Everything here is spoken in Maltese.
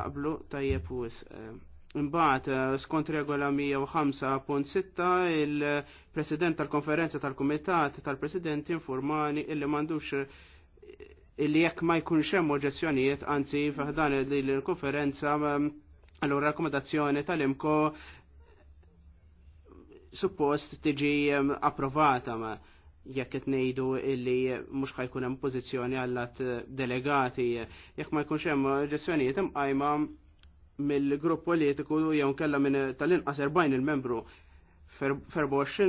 taqblu tajjeb u eh, Imbagħad eh, skont regola 105.6 il-President tal-Konferenza tal-Kumitat tal-President informani illi m'għandux eh, illi jekk ma jkunx hemm oġġezzjonijiet, anzi f'dan il-konferenza allura rakkomandazzjoni tal-imko suppost tiġi approvata jekk qed ngħidu illi mhux ħajkun hemm pożizzjoni għall-att delegati, jekk ma jkunx hemm ġestjonijiet imqajma mill-grupp politiku jew kella minn tal-inqas 40 il-membru 24